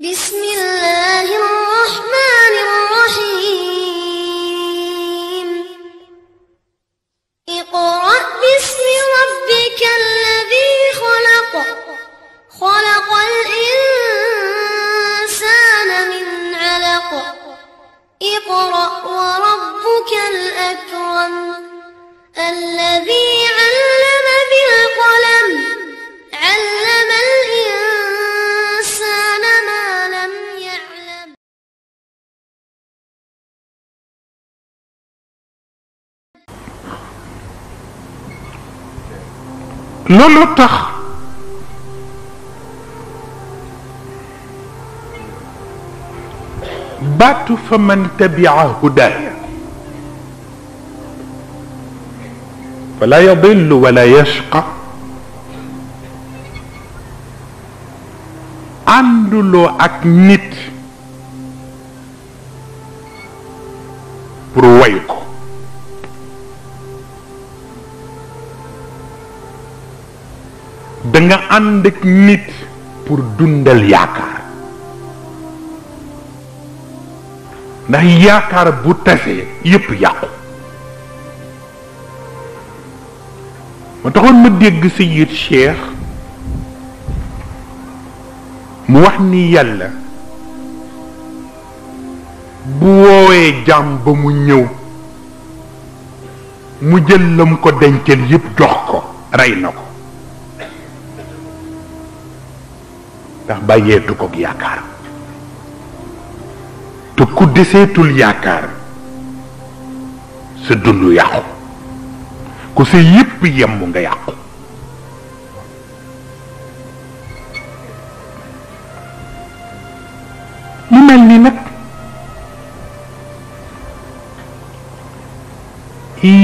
بسم الله الرحمن الرحيم اقرأ باسم ربك الذي خلق خلق الإنسان من علق اقرأ وربك الأكرم الذي لولو تخ بات فمن تبع هداي فلا يضل ولا يشقى اندلو اك نيت برويكو danga nga ànd ak nit pour dundal yaakaar ndax yaakaar bu tasee yépp yàqu ma taxoon ma dégg Sayyid Cheikh mu wax ni yàlla bu woowee jàmm ba mu ñëw mu jël lam ko dencal yépp jox ko rey na ko ndax bàyyeetu kook yaakaar te ku deseetul yaakaar sa dund yàqu ku sa yépp yemb nga yàqu mu mel ni nag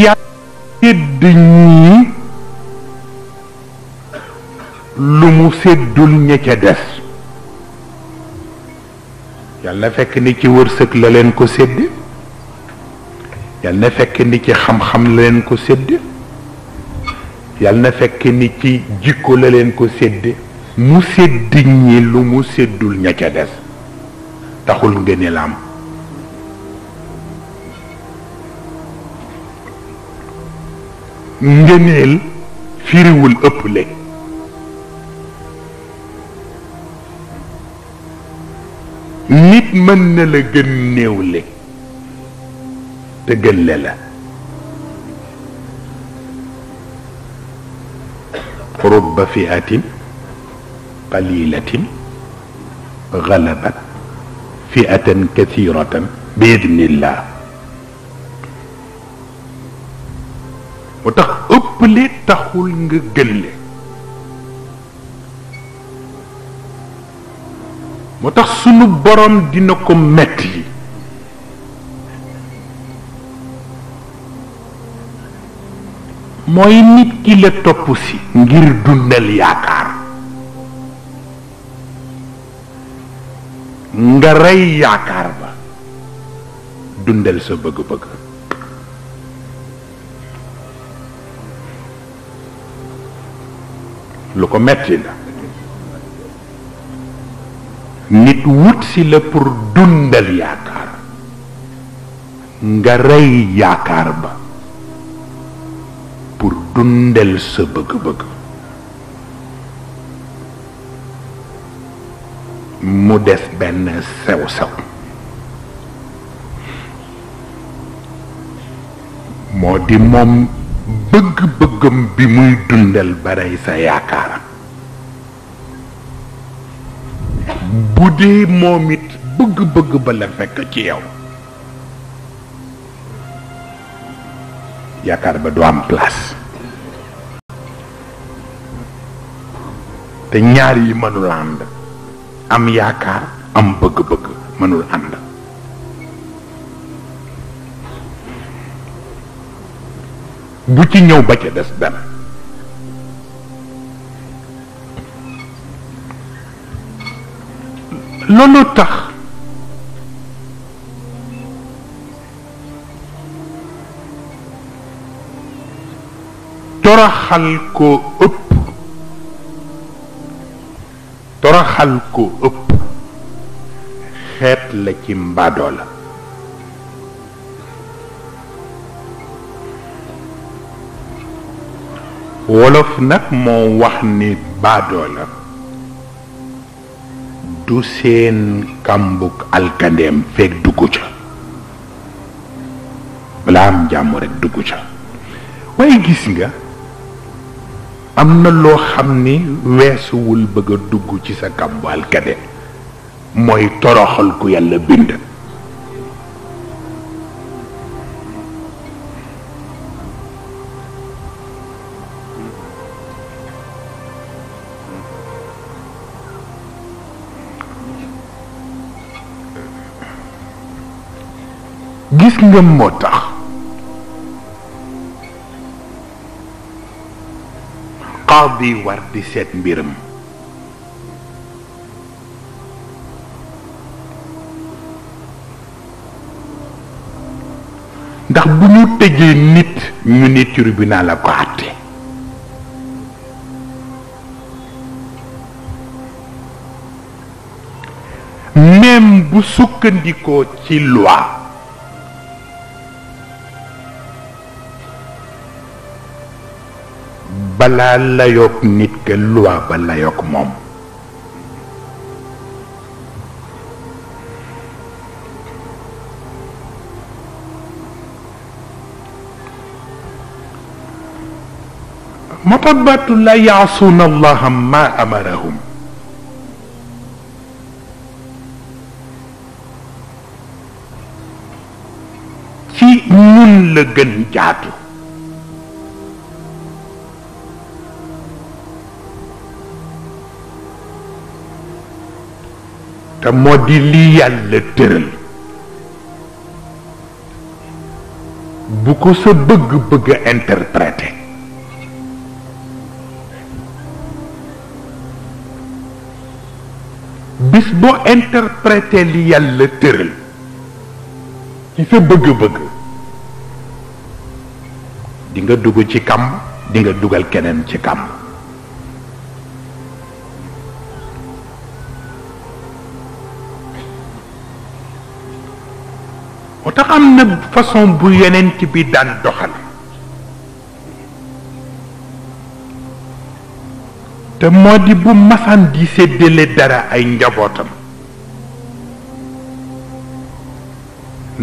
yàlla ñii lu mu séddul ña ca des yal na fekk ni ci wërsëg la leen ko sédd yal na fekk ni ci xam-xam la leen ko sédd yal na fekk ni ci jikko la leen ko sédd mu sédd ñi lu mu séddul ña ca des taxul ngeen la am ngëneel firiwul ëpp le nit mën na la gën néewle te gën le la رب فئة قليلة غلبت فئة كثيرة بإذن الله وتخ أبلي تخول نجلي moo tax sunu borom dina ko metti mooy nit ki la topp si ngir dundal yaakaar nga rey yaakaar ba dundal sa bëgg-bëgg lu ko metti la wut si la pour dundal yaakaar nga rey yaakaar ba pour dundal sa bëgg-bëgg mu des benn sew-sew moo di moom bëgg-bëggam bi muy dundal ba rey sa yaakaar dee moom it bëgg-bëgg ba la fekk ci yow yaakaar ba du am place te ñaar yi mënul ànd am yaakaar am bëgg-bëgg mënul ànd bu ci ñëw ba ca des dana لولو تخ ترحل كوب ترحل كوب كو اب خيط لكيم بادولا ولوف نك مو وخني بادولا du seen kàmbug alkandeem fekk dugg ca balaa am jàmm rekk dugg ca waaye gis nga am na loo xam ni weesuwul bëgg dugg ci sa kàmbu alkandeem mooy toroxal ku yàlla bind gis ngëm moo tax qaadi war di seet mbiram ndax bu ñu tëjee nit ñu ni tribunal la ko bu sukkandikoo ci loi balal la yok nit ke loi ba مطبات لا يعصون الله ما أمرهم في من جنجاتو te moo di li yàlla tëral bu ko sa bëgg-bëgg a interprété bis boo interprété li yàlla tëral ci sa bëgg-bëgg di dugg ci kam di nga dugal keneen ci kam moo taxam am na façon bu yonent bi daan doxal te moo di bu masaan di séddale dara ay njabootam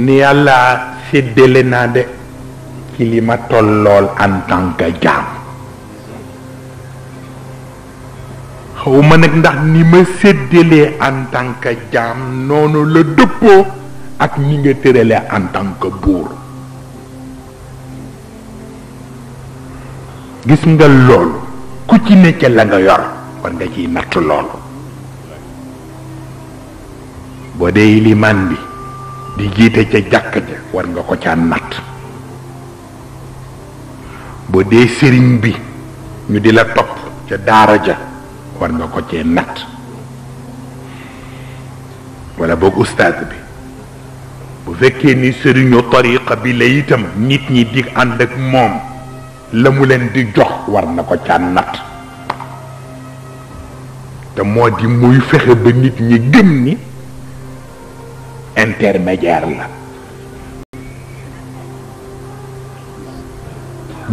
ni yàlla séddale naa de ci li ma tollool en jaam xawma nag ndax ni ma séddalee en tant jaam noonu la dëppoo ak ni nga tëralee en tant que buur gis nga loolu ku ci nekk la nga yor war nga ciy natt loolu boo dee limaan bi di jiite ca jàkk ja war nga ko caa natt boo dee sëriñ bi ñu di la topp ca daara ja war nga ko cee natt wala boog ustaas bi bu fekkee ni sëriñu tariqa bi la itam nit ñi di ànd ak moom la mu leen di jox war na ko ca nat te moo di muy fexe ba nit ñi gëm ni intermédiaire la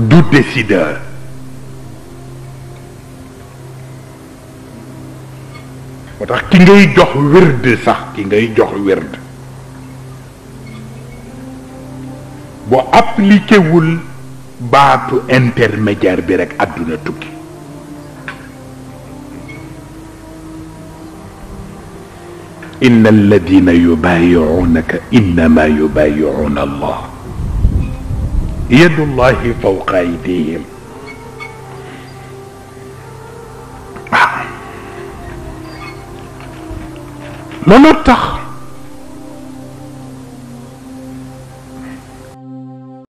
du décideur moo tax ki ngay jox wérd sax ki ngay jox wérd bo appliqué wul baatu intermédiaire bi rek aduna tukki ان الذين يبايعونك انما يبايعون الله يد الله فوق ايديهم لا نرتخ